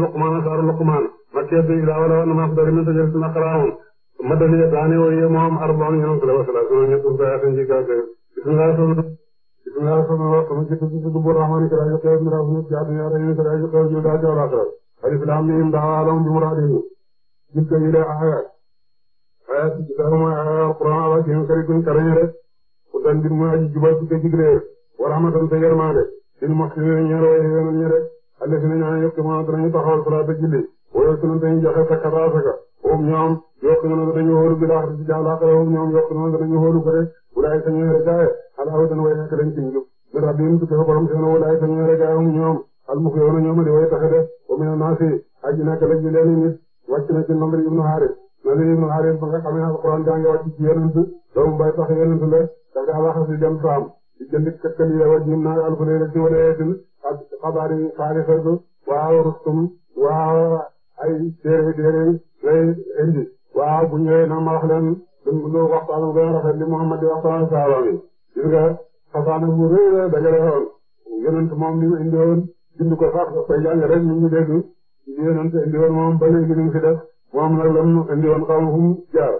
luqmaan saaru luqmaan makkiyatu ilaa wala wan ma afdari min sajaratin aqra'un madaniya taani wa hiya moom arba'un yawman wa salaasuuna yawman bayaatin ci gàgg bismillah bismillah sunu jitu ci dubbu rahmaan kala yu xew mi rahmaan ci aduna rahim kala yu xew ju daa jawla xew alif lam mim daa alam bi muraadihi jikka ila ayat ayat ci daama alquran ala ci kari kun karanyare ku dan bi mu aji jubal ci jigre wa rahmatan tayyarmane lil muhsinin ñaro yeena ñare allah si ne ñooñu yëpp moom danañu taxawal balaa ba julli wala su ne dañuy joxe sa kasaasaka foofu ñoom yokk nañu dañuy wóolu bi laax di jaaxal laax foofu ñoom yokk nañu dañuy wóolu ko de walaay sa ñooy rëccaay alhamdulilah dana way nekk dañ ciy jóg. ne rabbi yéen tukkee borom seen walaay sa ñooy rëccaay ñoom almuxu yow na ñoom di way taxe de wa mina naasi aji nekk la ci leen nit wàcc na ci Nadir ibnu Haaris Nadir ibnu Haaris ba nga xamee alxuraan daa ak xabaar yi saalisatu waaw rustum waaw ay téere téere lay indi waaw bu ñëwee na ma wax leen lu lu waxtaan bu gën a rafet li Muhammad di waxtaan saaba bi gis nga fasaana bu rëy la dajale woon yonent moom li mu indi woon bind ko sax koy jàng rek ñu ngi dégg li yonent indi woon moom ba léegi ñu fi def moom nag lam indi woon xaw ma fu mu jaar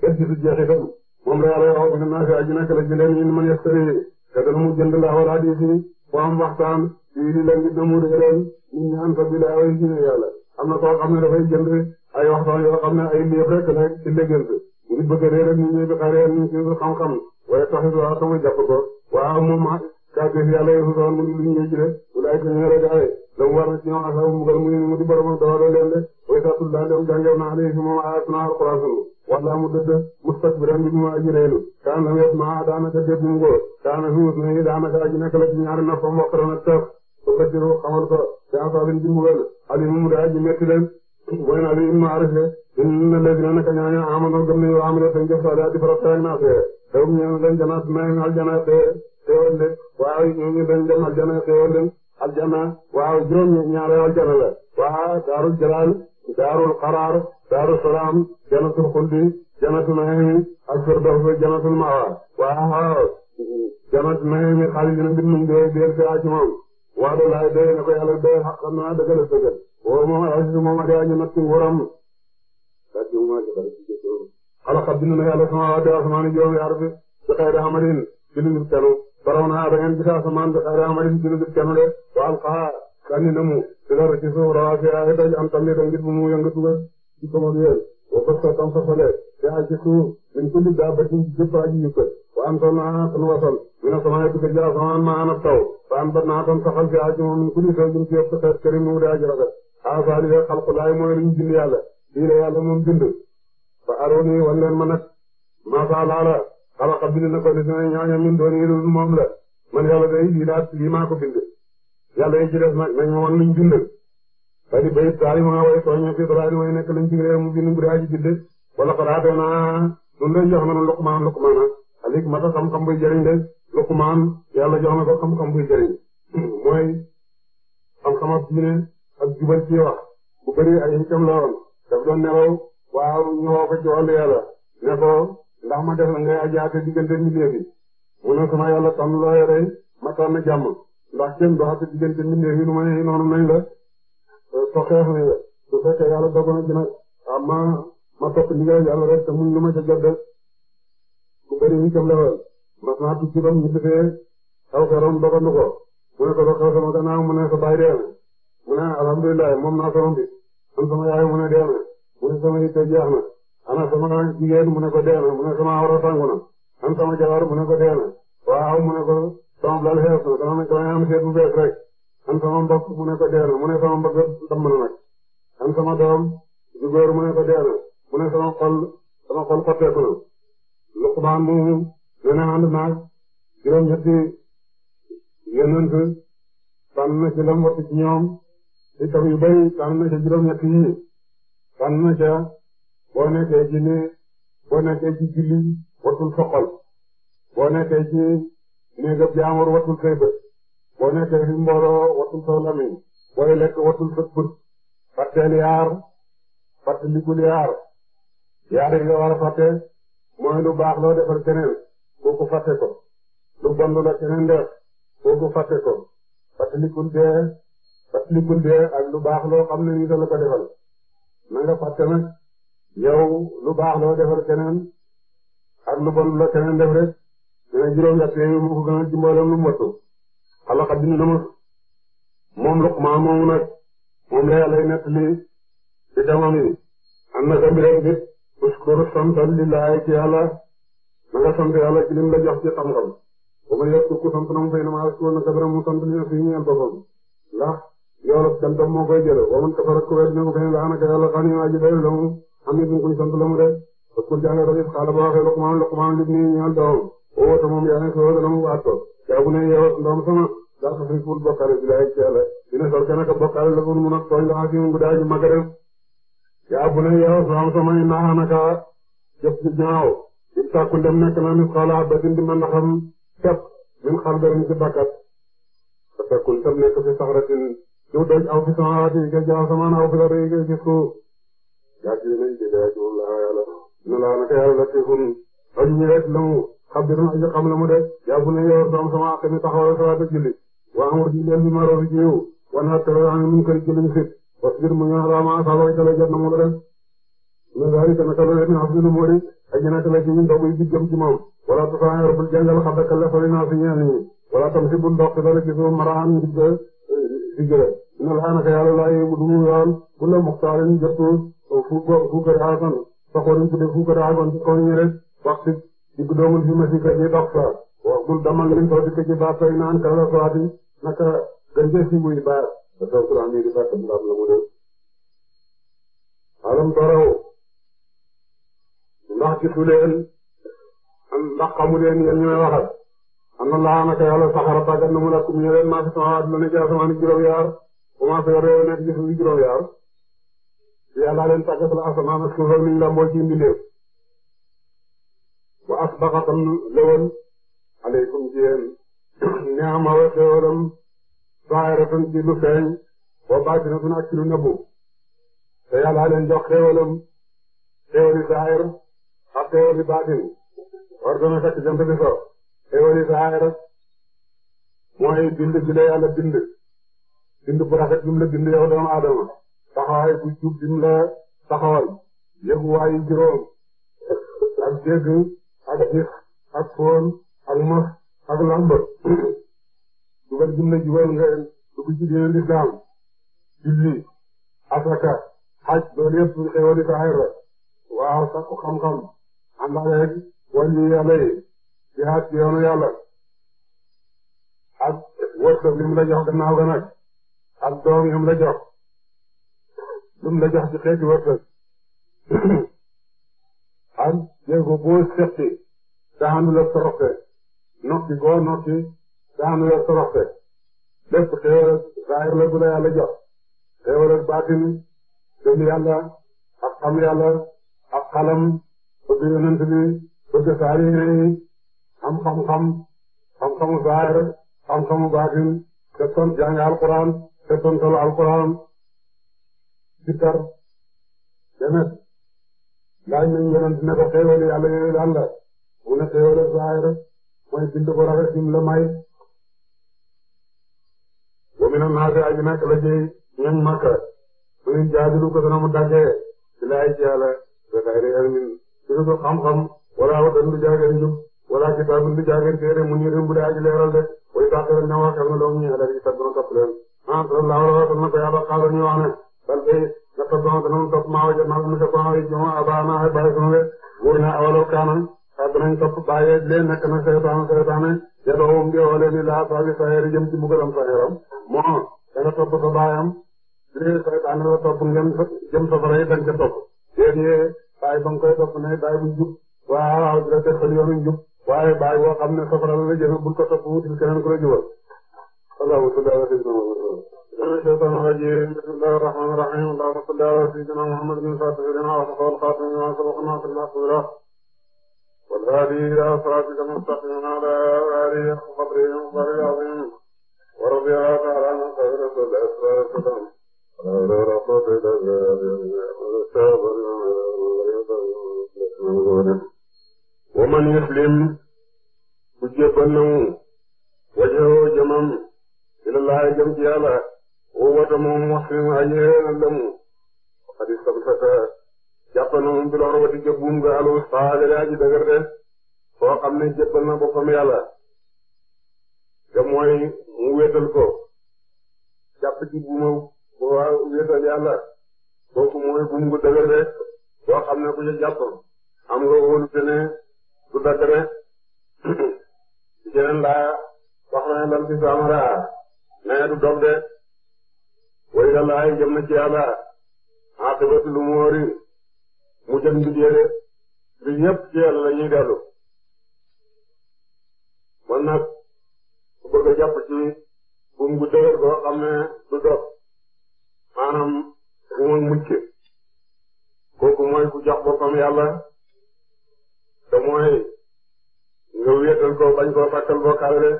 bët gisu jeex itam moom la yàlla wax ne naa fi aji nekk la ji leen in man yestari te dana mu jënd laa wala diisi ku am waxtaan lii leen di demul réeréer ñu ñaan ko bi laa way ci yàlla am na koo xam ne dafay jënd ay waxtaan yoo xam ne ay léeb rek la ci léegént ñu bëgg a réer rek ñu ñëw di xaree ñu ci xam-xam wala taxit waa sama jàpp ko waaw moom kàddu yàlla yëfu sax luñ ñëw ci de walaay ko ñu rek awee la mu ci ñoom asaw mbugal mu mu di boromam dawaloo leen de way sa tullaan dem jàngew naa alayhi moom mu dëdd mustakbiran bi mu aji kaan la wet maa daanaka dégg mu kaana huut na daanaka aji nekk la ci ñaari noppam waqran ak taf su basiru xamal ko bi asaabin ci mbugal mu daa ji metti leen mooy naa li ilma arif inna lazina naka ñaaña amanu gëm nañu amalo tan xéewal de waaw ñooñu dañ dem aljana xéewal de aljana waaw juróom ñaari aljana la waa daarul jalaal daarul qaraar daarul salaam janatul xuldi janatul naimi al firdaws janatul mawa waaw janatul naimi xaalidina bin mun dee deel fi aci moom waa do laay doye ne ko yàlla doye xam naa dëggal dëggal woo moom alasis moom ade aji natti nguuram xalaqa bind na yàlla sama waa de asamaani juróom yaar bi ci xayri amalin ci lu ñu tenu borom naa da ngeen gis asamaan ba tax na si jullit kenn de waaw xaar na mu ci lor ci ay daj am tamit ngir bu mu yëngatu ba ci sama yéen wa bës ko tam fasalee te ay ci suuf dañ ko liggaa ba ci jëpp aji yu ko wa am toon naa sunu wasal ñu ne sama yëpp ci asamaan ma anab taw wa am ba naa tam fi aji moom ku ñu soo jëm ci yëpp xeet këri mu daa ji rafet asaali rek xalku laay mooy lu ñu bind yàlla lii la yàlla moom bind fa arooni ma xalaqa bind a ko des na ñooñu min doon yi moom la man yàlla day lii daal lii maa ko bind yàlla yi ci des nag nañ ma wan luñ bari bayit daal ma way tooñee fi dara ni way nekk lañ ci réew mu bind bu daa ci bind wala xalaatee naa ñun de jox na nu Luqmaan Luqmaan alik ah. a xam-xam buy jëriñ de Luqmaan yàlla jox na ko xam-xam buy jëriñ mooy xam-xam ak diine ak jubal ci wax bu bëri ay xikam la woon daf doon nelaw waaw ñu woo ko ci wàllu ndax ma def la ngay aji àtte diggante mbindeef yi sama yàlla tànn loo yore ma tànn jàmm ndax kenn du àtte diggante mbindeef lu ma ne noonu nañ la soo xeex nañ la su fekkee yàlla dogal na dina ah, ma ma topp ndigal yàlla rek te muñ ma ca jot de ku bëri yi kam lewal mas naa tukki ba mu gisee xaw sa rom dogandu ko mu ko dox xaw sama gannaaw mu ne sa bàyyi na mu ne alhamdulilah moom naa sama bi man sama yaay mu ne dee na mu ne sama yitte na ana sama jigéen mu ne ko dee na mu ne sama awra sangu na an sama jabar mu ne ko dee na waaw mu ne ko sama blal xees na dama dama am seet bu bees rek an sama mbokk mu ne ko dee na mu ne sama mbokk damm na nag an sama doom ju góor mu ne ko dee na mu ne sama xol sama xol xotteeku na Luqmaan moomu nee na ànd naag juróom-ñetti yonent tànn na ci lam wattu ci ñoom ci taw yu bëri tànn na ca juróom-ñetti yi tànn na ca boo nekkee ci ne boo nekkee boo nekkee ci néegab jaamur watul say bët boo nekkee ci mbooloo watul lamiñ booy lekk watul sa bët fàtteel yaar fàttalikul yaar yaar yi nga war a fàtte lu baax loo defal keneen kooku fàtte ko lu bon la keneen def kooku fàtte ko fàttalikul dee dee ak lu baax loo xam ne nii da ko defal na nga fàtte yow lu baax loo defal keneen ak lu bon la keneen def rek dina juróom yàq yooyu moo ko gënal lu mu wattu xalaqa bind na ma moom Luqmaan moomu nag moom la yàlla nett li ci damam an naka mbirek bit uskur santal lillahi ci yàlla na nga sant yàlla ci la jox ci xam-xam ba ma yokk ku sant na mu fay na maa suul na kabara mu sant li na fi ñeel boppam ndax yoolu gantam moo koy jële waman kafara ku wet ne ko fay laanaka yàlla xani aji dayu la moom am nañu koy sant la mu de parce que jàngal rajo xaaral ba waxee Luqmaan Luqmaan lim nii ñaar doomam woo te moom yaa nekk woo dana mu waat yaa bu ne ndoom sama daa fi pour bokkaale bi laay teel a dina soog gën a ko bokkaale la yaa ndoom sama naax na kaa jëf ci ñaaw di sàkku dem nekk na ni xoola ba dindi min xam dara ñu ci bakkat te fekkul tam fi sax rek aw fi sama waat yi aw fi la rëy nga gis jaajëfal nañ ci dara ci moom laa yàlla. ne la teefoon. rajo bi rek la mu xam dina aji xam la mu def. jàpp nañ yow doom sama ak mi taxawal salaat ak julli. waa amur ji leen bi maroo bi ci yow. wan naa teewul xam ne mu ngi koy jëliñ fit. parce que mu ñëw xam maa saa looy tala jot na mu la def. ñun la wér naa fi lu mu wëri. ak ñeneen tala ci ñun dogu yi di jëm ci moom. wala naa fi ñeel ñi. wala tam si bul ndox si dara ci suuf maraan di jë di jële. ne laa fuuko fuuko raagon soxoruñ tudde fuuko raagon ci kaw ñu rek waxtu digg doomul fi ma si ka ñi dox fa wax bul damal min taw dikk ci baat sooy naan kala soati naka gën ca si buy baat da taw kula amee di baat ndam la mu ne alam taraw ndax gisu leen ndax xamu leen yéen ñooy waxat am na laa naka yàlla saxara tàggat na mu lakum ñëween maa fi sama waat yaar commencé réew nekk ci suuf juróom yaar yàllaa leen tàggatal asamaan ak suuf ak li ñu lamboo ci mbindeef wa asbaqa tam lewoon aleykum ci yéen ni'ama wa xéewalam zaahiratan ci lu feeñ wa baatinatan ak ci lu nëbbu te yàllaa leen jox xéewalam xéewali zaahir ak xéewali baatin war dana fekk jant bi so xéewali zaahir mooy bind gi la yàlla bind bind bu rafet bi mu la bind yow doomu aadama taxawaay bu jub bi mu la taxawal yëguwaayu ak dégg ak ak foon ak mos ak lamb dugal bi mu la jubal nga dugg ci diine lislaam julli asaka xaj loolu yëpp suñu xewali saxir la waaw sakku xam-xam àndaale rek wàllu yàlla yi jihaad ci yoonu yàlla ak wërsëg li mu la ga nag ak doom yi mu lu mu la jox ci xeeti wërsëg ak jéego boo seqi te àndul ak toroxte nokki goo nokki te àndul ak toroxte lépp xéewal ak zaahir la bu la yàlla jox xéewal ak baatin gëm yàlla ak xam yàlla ak xalam bëgg yonent bi bëgg saalihiin yi am xam-xam xam-xamu zaahir xam-xamu baatin te ton jàng alquran te tontalu alquran sikkar laaj nañ yonent ne ko xéewal yàlla yooyu lan la mu ne xéewal saayir mooy bind bu rafet la may wa mina naasi aji nekk la Makka mu ne jaadilu ko mu daggee ci laay ci yàlla da xayri ilmin ci lu dul xam wala watan du jaageen njub wala kitaabun du jaageen téere mu niirin bu dee aji leeral de way tàqaleen ne waa kar na doomu ñi alal yi na topp leen ah sallallahu alayhi wa sallam ko yàlla xaala ñu wax ne bal yattabi'una danañ topp maa wajadnaa lahum mu ko abaa'anaa ak bàyyi sama wér. wóor na awalaw kaana sax danañ topp bàyyi leen nekk na seytaane seytaane yad'uuhum di woo leen ilaa asaabi sa'iir jëm ci mbugalam sa'iiram moo da nga topp sa baayam lii seytaane la topp ngeen jëm safara yi dañ ca topp. yéen yee bàyyi ba nga koy topp ne bàyyi bu jub waaw dina teg fa yoonu jub waaye bàyyi boo xam ne safara la la jëme bul ko topp wutil keneen ku la jubal اللهم صل على سيدنا محمد الشيطان الرجيم بسم الله الرحمن الرحيم اللهم صل على سيدنا محمد بن فاتح لنا وصفى الخاتم لما سبقنا في الحق له والهادي إلى صراطك المستقيم على آله وقدره وقدره العظيم ورضي الله تعالى عن خير الأسرار والسلام على رسول الله ومن يسلم بجبنه وجهه جمم ilallahi jëm ci yàlla wowata moom waxin aji xeeral lamu xadi samsaka jàppal na moom bi loxo wati ca buum ga alu saagale aji dëgër de soo xam ne jëppal na boppam yàlla te mooy mu wéetal ko jàpp ci buuma boo wéetal yàlla kooku mooy buum gu dëgër de soo xam ne ku ca jàpp am nga wóolu te ne du dagg de jeneen laa wax na lal ci saamara nee du dog de way lallaay jëm na ci yàlla aqibatu lu moori mu jëm mbidee de li yëpp ci yàlla la ñuy dellu man nag ku bëgg a jàpp ci buum gu dëgër goo xam ne du dog maanaam buumag mucc kooku mooy ku jox boppam yàlla te mooy nga wéetal ko bañ koo fàkkal boo kaale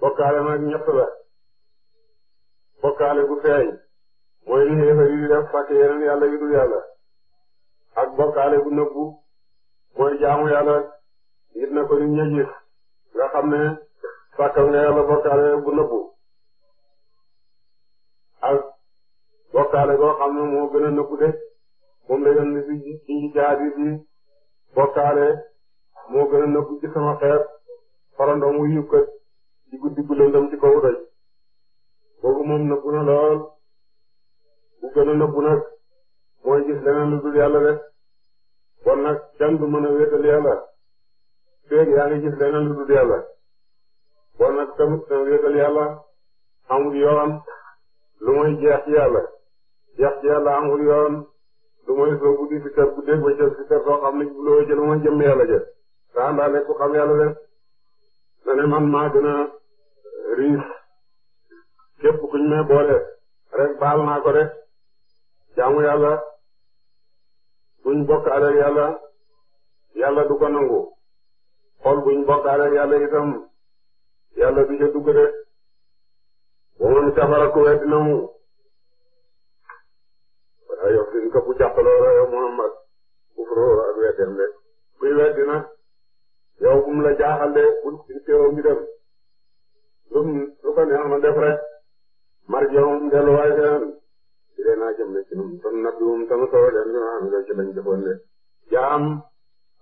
bokkaale nag ñett la bokkaale gu feeñ mooy li xéefar yi def fàtte yeneen yàlla yu dul yàlla ak bokkaale gu nëbbu mooy jaamu yàlla yit na ko nit ña nga xam ne sàkkal nga yàlla bokkaale gu nëbbu ak bokkaale goo xam ne moo gën a nëbbu de moom la yoon ni si ci jaadi bi bokkaale moo gën a nëbbu ci sama xeet farandoo mu yukkat ci guddi gu lëndëm ci kaw doj boobu lool bu gën a nëbbu mooy gis leneen lu dul yàlla rek kon nag kenn du mën a wéetal yàlla feeg yaa ngi gis leneen lu dul yàlla kon nag tamit na wéetal yàlla amul yoon lu mooy jeex ci yàlla jeex ci yàlla amul yoon lu mooy soo guddi si kër guddeeg ba jël si kër soo xam ne bu loo jël mooy jëm yàlla jël te àndaale ku xam yàlla rek dane man maa gën a riis képp kuñ boole rek baal naa ko de jaamu yàlla buñ bokkaale yàlla yàlla du ko xol buñ bokkaale yàlla itam yàlla du ca dugg de bu man kafara ku weddi na mu wala yox sin ko bu jàppaloo rayo Muhammad kufroo ak weddeem de kuy weddi nag yow bu um la jaaxal de bu teewoo ñu dem lu lu ko neex na def rek marjihum delluwaay seen ci dee naa jëm ne ci ñun tam nabbiwum tam soo leen bi ma am ci lañ defoon de jaam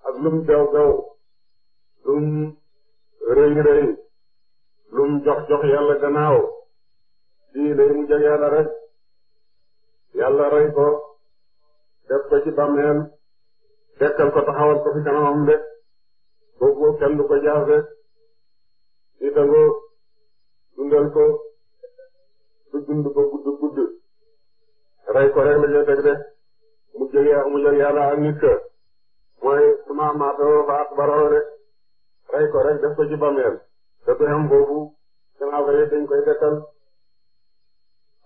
ak lum gaw gaw lum rëy rëy lum jox jox yàlla gannaaw lii day mu jeg yàlla rek yàlla rey ko def ko ci bàmmeel dekkal ko taxawal ko fi kanamam de kooku kenn du ko jaxase di dangoo dundal ko du dund ba gudd gudd rey rek la ñuy teg de mu jëg yàlla mu ak nit ka mooy suma maatoo faat baroo rek rey rek def ko ci bameel te doyam boobu gannaaw ga yëpp dañ koy dekkal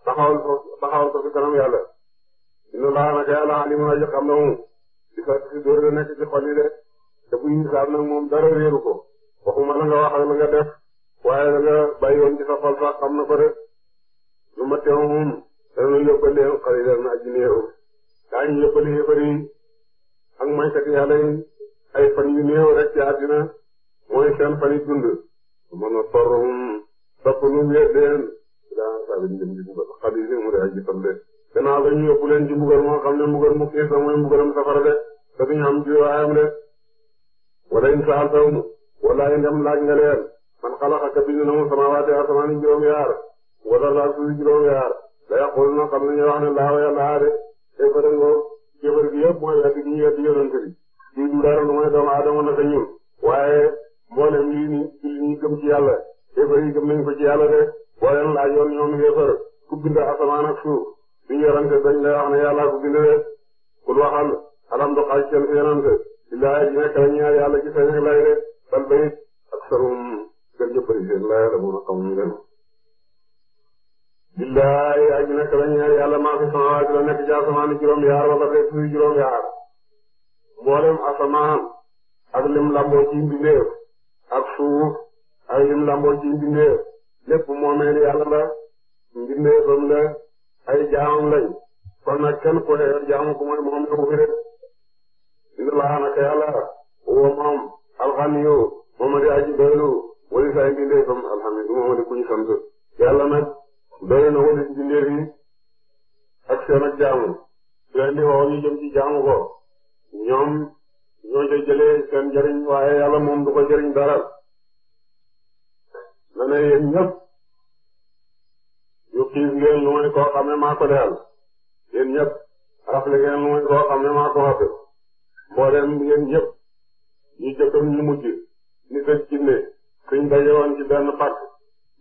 taxawal ko taxawal ko fi kanam yàlla dina laa naka yàlla alimu aji xam na mu di ko si dóor la nekk ci xol yi te buy hisaab nag moom dara réeru ko waxuma la nga wax ak la nga def waaye la nga bàyyiwoon ci sa xol sax xam na ko rek lu ma teew moom dana yóbbalee xalilan ajneehum daañu yóbbale yëfar yi ak moykat yàlla yi ay fan yu néew rek ci mooy seen fan yu dund mën a sorrum topp lu wéet leen daa saabin jëm ci mbugal xalili mu moo xam ne mbugal mu xiis la mooy mbugalam safara de te duñu am jiwaayam de wala in saaltahum wala indem laaj nga man xalaxaka bind na mu samaawaati asamaan yi yaar wala laa suuf juróom yaar la yaqul na xam nañu wax ne laa wa yàlla aade tey fa dangoo jëfër gi yëpp mooy weddi gi ñu weddi yonent bi di du dara lu mooy doomu aadama naka ñun waaye mboolem lii ni julli ñi gëm ci yàlla xéefar gëm nañ ko ci yàlla de boo leen laajoon ñoom xéefar ku asamaan ak suuf suñu yorante dañ lay wax ne yàllaa ko bind de kul illaa dina kawe ñaar yàlla ci sañ rek bal bayit ak sarum gën jëppari seen laa yàlla mun a xamuñu billaahi aji na kawe ñaar maa fi samawaati la nekk ci asamaan juróom yaar wala rek suy yaar mboolem asamaan ak lim lamboo ci ak suuf ak lim lamboo ci mbindeef lépp moomeel yàlla la mbindeefam la ay jaamam lañ kon nag kenn ku ne jaamu ko mooy moom la rek Illaa naka yàlla woo moom alxaniyu moom a di aji doylu wali saa yi bindeefam alxamidu moom a di kuñ sant yàlla nag doy na wali bindeef yi ak seen ak jaamu leen di woo ñu jëm ci jaamu ko ñoom ñoo ca jëlee seen njëriñ waaye yàlla moom du ko jëriñ dara na ne yéen yu xiis ngeen lu may koo xam ne maa ko deyal yéen ñëpp rafle ngeen lu may koo xam ne maa ko xafe mboolem yéen ñëpp ñu jëkk ak ñu mujj nit ak jinne suñ daje woon benn pàkk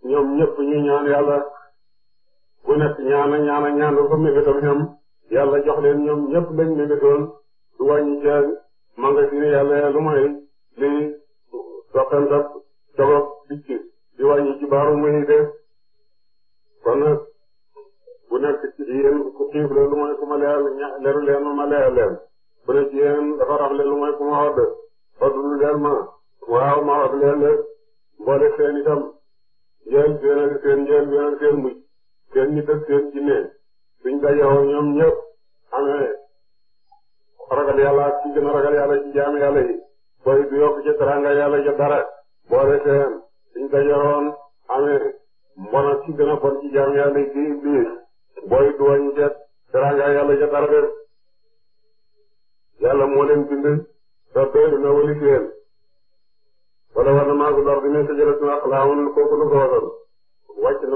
ñoom ñëpp ñu ñaan yàlla ku nekk ñaana ñaana ñaan fa mébétam ñoom yàlla jox leen ñoom ñëpp lañ mébétoon du wàññi ca magasin yàlla ya lu may li soppentap cogof picc di wàññi ci baaru muy de kon nag ku nekk ci yéen ku xiif la lu may ku ma leyal leru leen ma leyal leen ku ne ci yéen dafa rafle lu mooy ku ma odd oddul leen ma waaw ma odd leen rek mboole seen itam njël seen ak seen njël seen ak seen mujj seen nit ak seen jinne suñ dajewoo ñoom ñëpp amee ragal yàlla ak ci gën a ragal yàlla ci jaam yàlla yi boy du yokk ci teranga yàlla ja dara boole seen suñ dajewoon amee mbon ak ci gën a bon ci jaam yàlla yi ci iblis boy du wañ ci teranga yàlla ja dara def yàlla moo leen bind te doy na wali wala war na maa ko door di ne sa jërëjëf alhamdulilah kooku du ko waral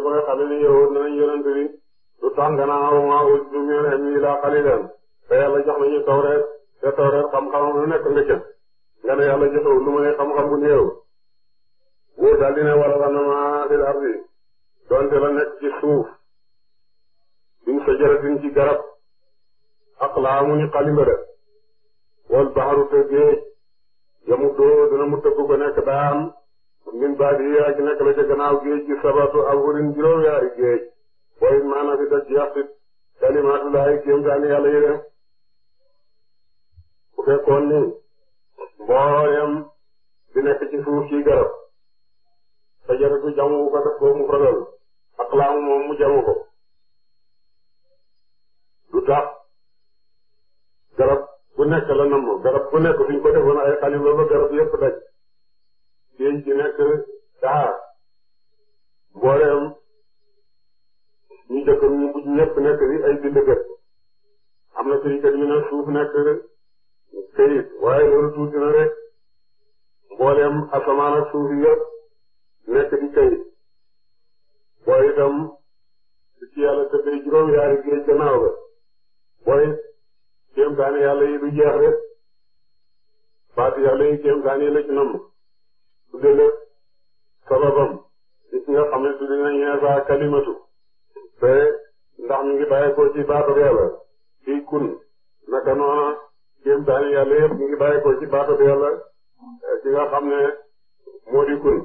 ba nga xam ne ni yow dinañ yonent bi du tànganaaw maa wut du ñu ne nii laa xalilan te yàlla jox nañu tawreet te tawreet xam-xamam lu nekk nga jëf nga ne yàlla joxew lu may xam-xam bu néew. wóor daal di ne wala war na maa fil ardi donte la nekk ci suuf duñ sa ci garab ak laa amuñu xalimba wal baxaru te géej yamuddu dina mu tëgg ba nekk daan min baadi yi ak nekk la ca gannaaw géej gi sabatu abhurin juróom-yaari géej booy it maanaam fi daj yàq it kalimaatullahi kéem daani yàlla yi def bu fekkoon ni mboolem di nekk ci suuf ci garab fajaratu jamu ko def ko mu fadal ak laamu moom mu jamu ko du tax ku la namm garab ku nekk buñ ko defoon ay xalima garab yëpp daj géej gi nekk daxaar mbooleem ñu dëkkam ñu mujj nekk di ay bindkat am na suñu kat ñu suuf nekk këyit waaye loolu tuuti na rek mbooleem asamaan suuf yëpp nekk di këyit booy itam su ci yàlla tëddee juróom yaari géej gannaaw ba kéem kaani yàlla yi du jeex rek baati yàlla yi kéem kaani la ci nam tudde lépp sababam gis nga xam ne tudde nañ ne saa kalimatu te ndax mi ngi bàyyi ko ci baatu yàlla ci kun naka noona kéem kaani yàlla yëpp mi ngi bàyyi ko ci baatu yàlla ci nga xam ne moo di kun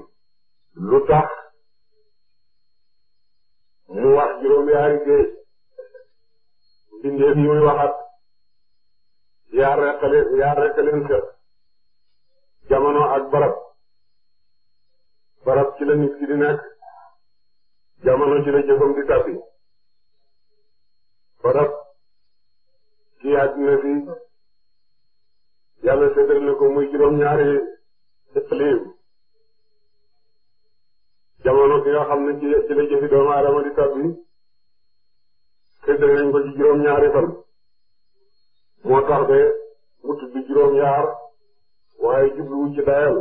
lu tax mu wax juróom-yaari géej bindéef yi muy waxat yaar rekk leen yaar rekk leen kër jamono ak barab barab ci la nit ki di nekk jamono ci la jëfam di tàbbi barab ki àddina fi yàlla séddal na ko muy juróom-ñaari iqlim jamono ki nga xam ne ci la jëfi doomu aadama di tàbbi séddal nañ ko ci juróom-ñaari fan moo tardé mu tudd juróom-ñaar waaye jubluwuñ ci dayal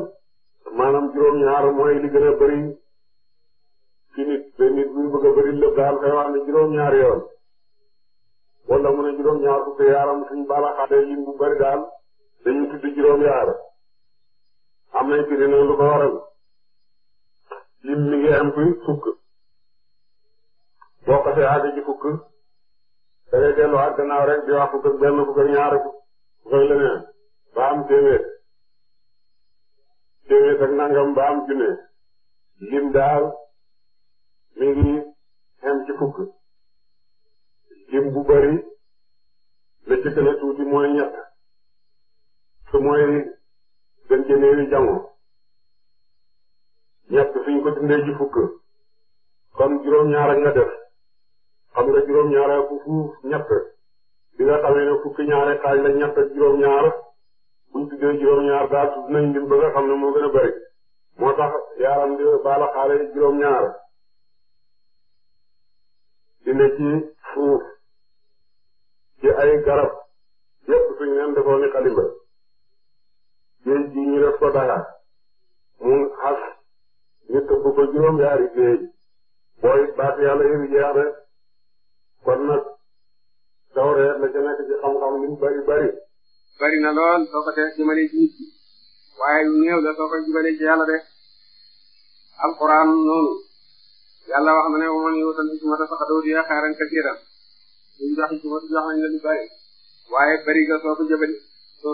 maanaam juróom-ñaar mooy li gën a bëri ci nit te nit buy bëgg a bëri lépp daal kay wax ne juróom-ñaar yoon wala mu juróom-ñaar fukki yaaram suñ bala lim bu bëri daal dañu tudd juróom-ñaar am nañ firi ne lu ko waral lim mi ngi am fukk boo ko see àgg fukk delluwaat gannaaw rek di wax fukk ak benn fukk ak ñaar fukk ak leneen ba am téeméer téeméer ak nangam ba am junne lim daal mi ngi xem ci fukk lim bu bari la ci gën a tuuti mooy ñett su mooy gën jëneewi jango ñett suñ ko dindee ci fukk kon juróom ñaar ak nga def xam nga juróom-ñaar ak fukk ñett bi nga xamee ne fukki ñaare xaaj la ñett ak juróom-ñaar buñ tuddee juróom-ñaar daal tudd nañ lim ba nga xam ne moo gën a bari moo tax yaaram di baala xaale juróom-ñaar di ne ci suuf ci ay garab yépp suñ leen defoon ni xalimba géej gi ñu def ko dara mu xas ñu tëbb ko juróom-ñaari géej booy baat yàlla yëpp jeex na kon nag tawreet la ca nekk ci xam-xam bari bari bari na lool soo ko tee ci nit ki waaye lu noonu yàlla wax na ne wa man yuutal hikmata faqad uutiya xayran kasiiran ñu jox hikmata jox nañ la lu bari waaye bari ga soo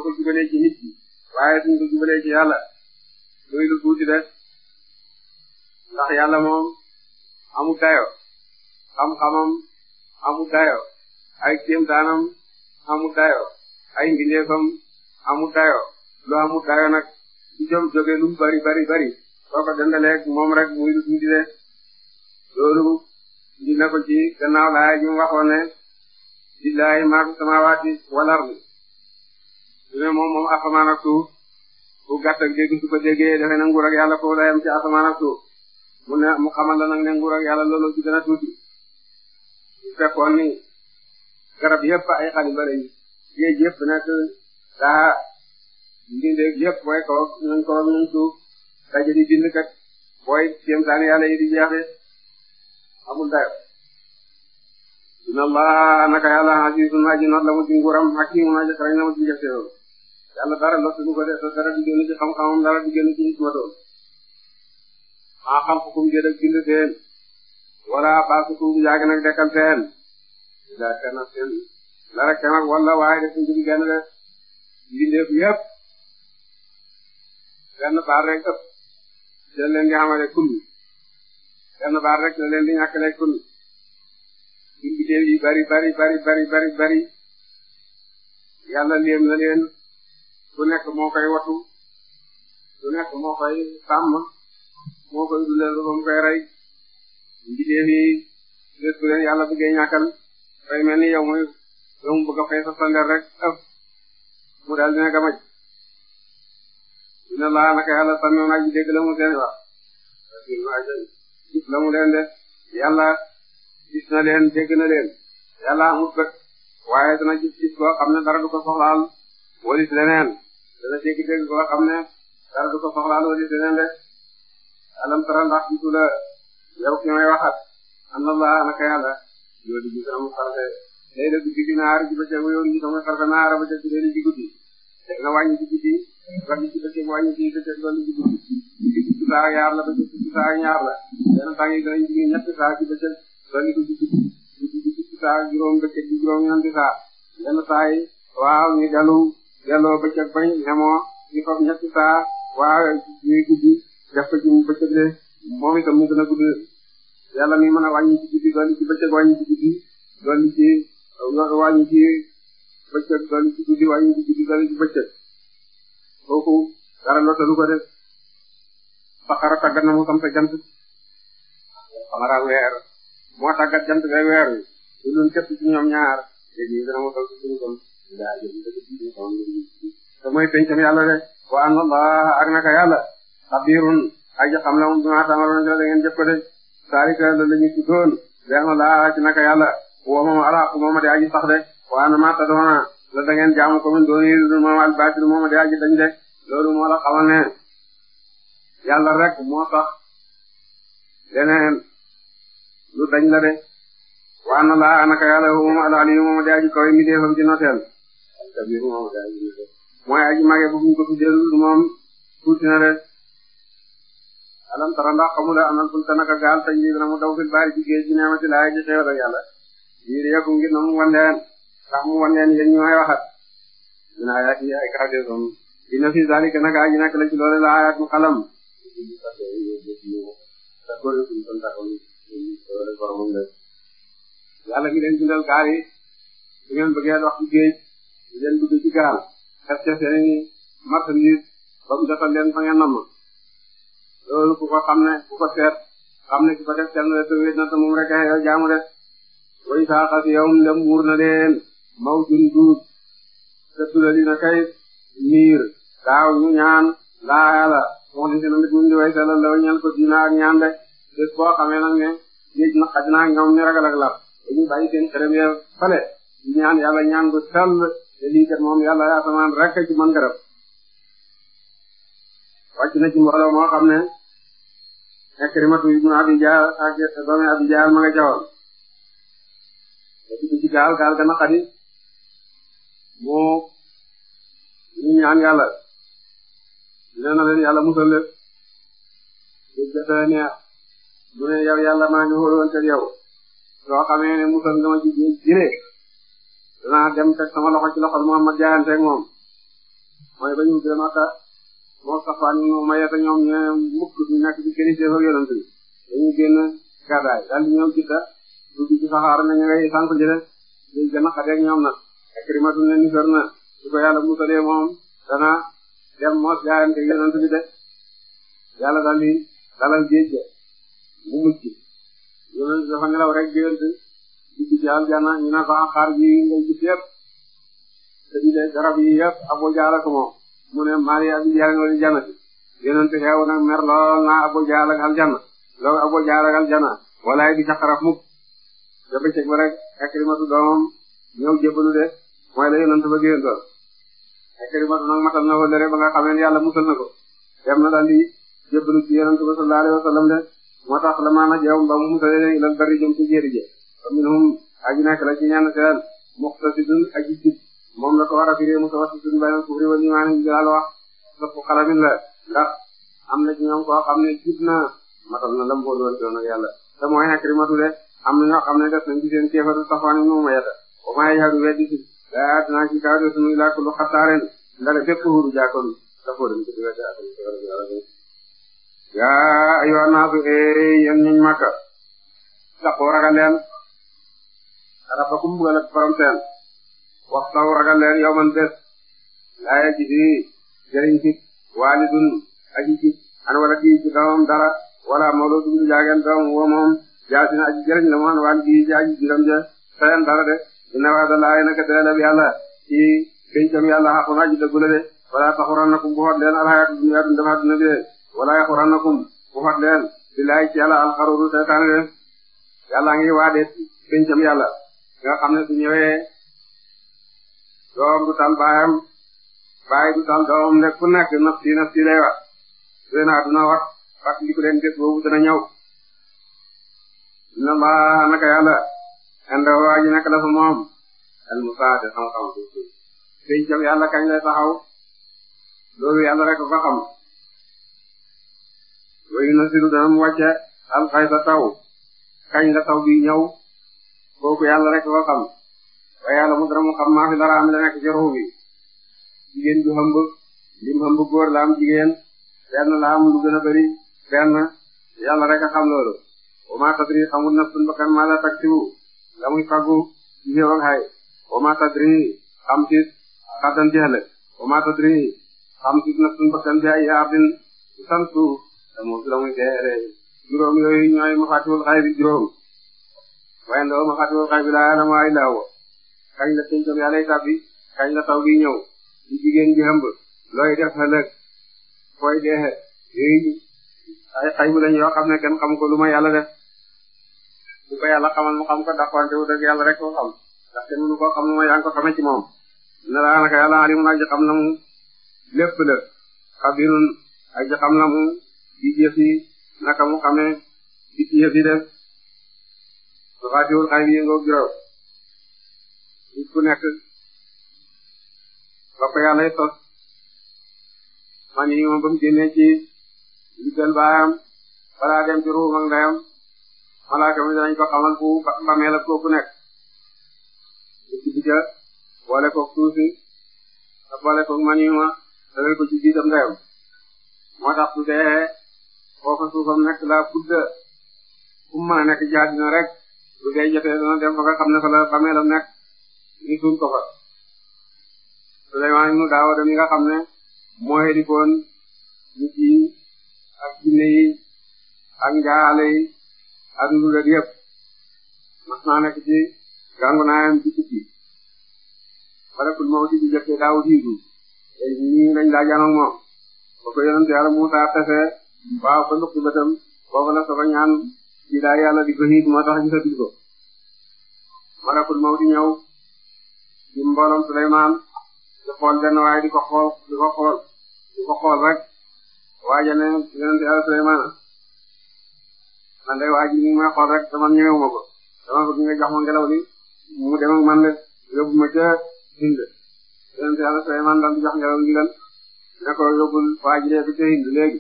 ko jëmale ci nit ki waaye suñ ci yàlla muy lu tuuti de ndax yàlla moom amul dayo xam-xamam amul dayo ay kéem daanam amul dayo ay mbindeefam amul dayo lu amul dayo nag ci lu bari bari bari soo ko dendaleeg moom rek muy lu tuuti de loolu indi na ko ci gannaaw laay ñu waxoon ne lillahi maa fi samaawaati wal ardi su ne moom moom asamaan ak suuf defe na nguur ak yàlla foofu la yem ci asamaan ak suuf mu ne mu xamal la ne nguur ak yàlla loolu ci gën tuuti fekkoon ni garab yëpp ay xalifa lañu géej yëpp nekk daa mbindeeg yëpp booy kaw ñun kaw ñun suuf daje di bind kat booy kéemtaan yàlla yi di jeexe amul dayo inna allah naka yàlla azizun aji not la mu ci nguuram hakimun aji xarañ la mu ci njëfteewam yàlla dara loolu ko def dara du génn ci xam-xamam dara du génn ci xikmatoom maa xam ko kum bind seen wala baasu suuf jaage nag dekkal seen daa kenn ak seen la rek waaye def ñu jublu benn rek mbindeef yëpp benn baar rek ëpp dañ leen di xamale kulli benn baar rek dañ leen di ñàkkale kulli mbindeef yi bari bari bari bari bari bari yàlla léem na leen nekk moo koy watu ku nekk moo koy sàmm moo koy dundal ba mu koy rey. jigéen yi bés bu leen yàlla bëggee ñàkkal day mel ni yow muy yow mu bëgg a fay sa sander rek ëpp mu daal dina gamaj dina laa naka yàlla sàmmiw naa ji dégg la mu seen wax gis la mu leen de yàlla gis na leen dégg na leen yàlla amut bët waaye dana gis gis koo xam ne dara du ko soxlaal walis leneen dana dégg dégg koo xam ne dara du ko soxlaal walis leneen de alam tara ndax gisu la yow ki may waxat am na laa naka yàlla di la guddi gi naar ji bëccëg yow di amul farfe ci day ci guddi te guddi wàññi ci bëccëg wàññi ci bëccëg dolli ci ci fukki saa ñaar la bëccëg ci ñetti juróom bëccëg juróom ñeenti saa benn saa yi waaw ñu dellu delloo bañ ñemoo ñu fab ñetti saa waaw ñuy guddi def ko ci bëccëg moom itam mu gën a gudd yàlla mi mën a wàññi ci guddi doon ci bëccëg wàññi ci guddi doon ci wàññi ci bëccëg guddi wàññi ci guddi doon ci bëccëg kooku dara lotalu ko def saxara tàggat na mu samp jant saxara weer moo tàggat jant be weer wi lu dul ci ñoom ñaar léegi dana mu sol ci de wa an allah ak naka yàlla xabirun aji xam na moom bi ma tàmbaloon da ngeen jëf ko de saalika loolu la ñu tuddoon leexna laa ci naka yàlla woo moom alaaku mooma di aji sax de waana ma tadoona la da jaamu ko min doon yidul moom albaatil mooma di aji dañ de loolu moo la xamal ne yàlla rek moo sax leneen lu dañ la de waana laa naka yàlla woo moom alaali mooma di aji kawe mi deefam ci noteel mooy aji mage bu ñu ko tuddee moom tuuti de alam tara ndax xamula anal fulka naka gaal tañ bi na mu daw fil baari ci géej gi neema ci laay ci xew la yàlla yiir yakum ngir na mu wanleen tax mu wanleen yéen ñu may waxat dina ayaat yi ay kaateefam dina fi zalika naka aji nekk la ci loole la ayaat mu xalam yàlla gi leen bindal gaal yi su ngeen bëggee dox ci géej di leen dugg ci gaal xef ca seeni marchandise ba mu defal leen fa ngeen namm loolu ku ko xam ne ku ko seet xam ne ki ko def kenn de na te moom rek a jaamu de way saa xas yow ndem wuur leen maw jun duut te kay miir daaw ñu ñaan laa yàlla wax li si na mbit mun di way sellal law ñaan ko diina ak ñaan de bés boo xamee nag ne yéeg na xaj naa ñoom ñu ragal ak lab dañu bàyyi seen xerem ya fale ñaan yàlla ñaan bu sell te lii kat moom yàlla asamaan rek ci mën garab wàcc na ci moo xam ne Ikrimatu ibnu Abi ma nga jawoon te dugg gaal gaal ga naqari moo ñu ñaan yàlla nee leen yàlla musal leen lu jotee neex mu ne yow yàlla maa ngi wóoroon te yow soo ne musal nga ma ci jire danaa dem teg sama loxo ci loxol Muhammad jaayanteeg moom mooy ba ñu gën a moo safaan mu mayata ñoom ñooy mukk di nekk di gën a jëf ak yonent bi génn gàddaay daal di ñëw jidda dugg ci saxaar ne ñu ngay sànq jële ñu gën a xateeg ñoom nag Ikrimatu ne ni fer na su ko yàlla musalee moom dana dem mos jaayante yonent bi de yàlla daal di dalal ga mu mucc yonent dafa nelaw rek gént dugg ci aljanna ñu ne ko xaar ji ngay gis garab yi yëpp Abu Jahl ko moom mu ne maali abi jahal wal jannati yonente xew lool na abu jahal ak aljanna lool abu jahal ak ba rek akrimatu doomam ñëw jébbalu de mooy la yonente ba géen doon akrimatu nag matal wala rek ba nga xamee yàlla musal na ko dem na daal di jébbalu ci yonente ba sallallahu alayhi wasallam de moo tax la maana jeew ba mu musale leen ilal bari jëm ci jéeri je minhum aji nekk la ci ñenn seen muqtasidun aji jib moom la ko war a firee mutawassitun baynal kufri wal iimaan bi Bilaal wax soppu xalamin la ndax am na ci ñoom koo xam ne jub na matal na lam boole woon doon ak yàlla te mooy Ikrimatu de am na ñoo xam ne def nañ ci seen keefatu Safwaan ibn Umayya wa maa yajhadu bi aayaatinaa illaa kaafirun illaa kullu xattaar ndale bépp hudu jaakoon dafoo dem ci diggante ak yaa ayyuhan naasu yéen ñu Makka taqoo ragal leen rabbakum bugal ak borom seen wax taw ragal leen yow man bés laaya ji di jëriñ ci waalidun aji ci an wala kii ci doomam dara wala mawlud du jaageen doom woo moom jaasin aji jëriñ la mu an waal gi ci aji jiram ja sayan dara de inna wa'da laahi naka deelab yàlla ci pencam yàlla xaqun aji dëggula de wala taxurannakum bu xot leen alxayaatu dunya dun dafa duna bi de wala yaxurannakum bu xot leen di laay ci yàlla alxaruru seytaane de yàlla ngi waade pencam yàlla nga xam ne su ñëwee doom du tal baayam baay du tal doom ne ku nekk nafsi nafsi lay wax seen àdduna wax parce que li ko leen boobu dana ñëw na laa naka yàlla indi waa ji nekk dafa moom al musaade xam-xam bi tey yàlla kañ lay taxaw loolu yàlla rek ko xam wayu na siru dana mu wàcce alxaysa taw kañ la taw bi ñëw kooku yàlla rek ko xam waaye yàlla mu dara mu xam maa fi dara am la nekk ci ruux bi jigéen du xëmb lim xëmb góor la am jigéen benn la am lu gën a bari benn yàlla rek a xam loolu wa maa tadri xamul nafsun bakkan maa la taksibu la muy faggu ci xew ak xay wa maa tadri xam ci xaddan ci ëllëg wa maa tadri xam ci nafsun bakkan bi ay ardin su san suuf da mu la muy deere juróom yooyu ñooy mafatihul xaybi juróom waaye ndaw mafatihul xaybi laa ya'lamuhaa illaa huwa kañ la pencam yàllay tàbbi kañ la taw bi ñëw ci jigéen ji ëmb looy def ëllëg fooy deexe yooyu ay xaybu lañ yoo xam ne kenn xam ko lu ma yàlla def bu ko yàlla xamal mu xam ko ndax wante wu dëgg yàlla rek ko xam ndax kenn mënu koo xam lu ma yaa ko xamee ci moom ne laa naka yàlla alim aji xam la mu lépp la xabirun aji xam la mu di jëf yi naka mu xamee di jëf yi def su xaatiwul xay bi yëngoo juróom nit ku nekk ba ko yàlla sos man yi moom ba mu génnee ci ndigal baayam balaa dem ci ruum ak ndeyam malaaka mi dañ ko xamal fu bameel ak kooku nekk ñu ci bija boole koog tuuti ak boole koog man yi ma dalal ko ci biitam ndeyam moo tax su dee foofa suufam nekk laa budda fu mu mën a nekk jaadina rek su dee jotee dem ba nga xam ne fa la bameelam nekk ñu suul ko fa Sulaymaan ibnu Daawuda mi nga xam ne moo hedikoon nit yi ak jinne ak njaale yi ak ndugal yëpp mas naa nekk ci gàngu naayam ci tukki malakul mawti di jëfte daaw diidu te ñii lañ laajaan ak moom ba ko yonent Yàlla Muusaa tese waaw ko lukki bëtam foofu la soog a ñaan ci daay yàlla di ko hiit moo tax gisatul ko malakul ñëw ci mbooloom Souleymane di xool benn waaye di ko xool di ko xool di ko xool rek waaja ne yonent Yàlla Souleymane man de waa ji ni may xool rek dama ñëwuma ko dama bëgg nga jox ma ngelaw li mu dem ak man de yóbbu ma ca Hind yonent Yàlla Souleymane daal di jox ngelaw li lan ne ko yóbbul waa ji de ca Hind léegi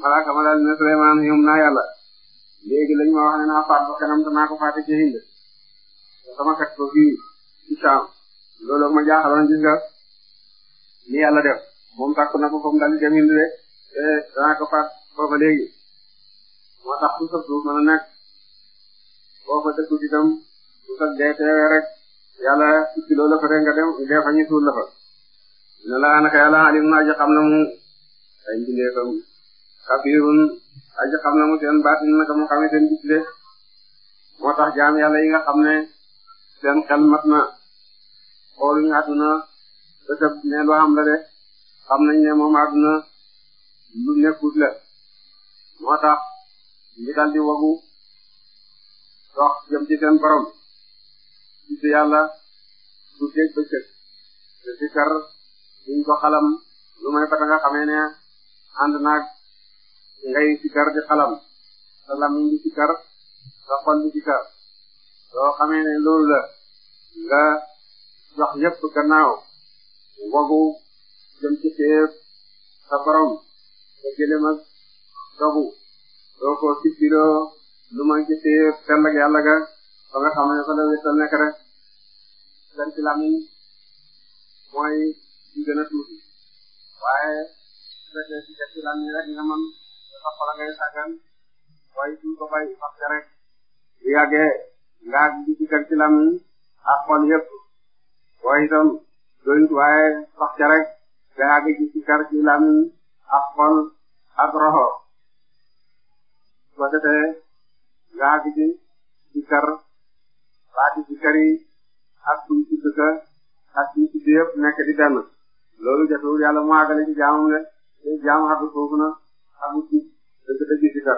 malaaka ma daal di ne Souleymane yom naa yàlla léegi lañ ma wax ne naa faat ba kanam te naa ko faate ca Hind sama kat ko fii ci saam loolu ma jaaxaloon gis nga def moom takk na ko comme eh, moo tax su sëb suuf mën a nekk foofa dëkk ci itam su sëb dee teewee rek yàlla ci loolu la fa rek dem dee fa ñu suul la fa. ne laa naka yàlla alim na aji xam na mu ay mbindeefam xabirun aji xam na mu seen baatin naka mu xamee seen gis moo tax jaam yàlla yi nga xam ne seen xel mat xooluñu àdduna te te ne lu am xam nañ ne moom àdduna lu nekkut la moo tax ñu daldi wagu dox jëm ci seen borom ci yàlla su dégg bëccëg te si kar duñ ko xalam lu may fata nga xamee ne ànd ngay si di xalam sa lamiñ di si kar xol di si kar soo loolu la nga jox yëpp gannaaw wagu jëm ci téef sa borom te gëlëm ak dogu doo ko sippiloo lu man ci téef sell ak yàlla ga ba nga xam ne fa la wéttal nekk rek seen ci lamiñ mooy di gën a tuuti waaye fekkee ci seen ci lamiñ rek nga di ci ci lamiñ ak xol waaye itam doyut waaye sax ca rek te àgg ci sikar ci làmmiñ ak xol ak roxo su ko defee nga àgg ci sikar baati sikar yi ak suñ ci dëkka ak suñ ci bi yëpp nekk di benn loolu jafewul yàlla mu àggale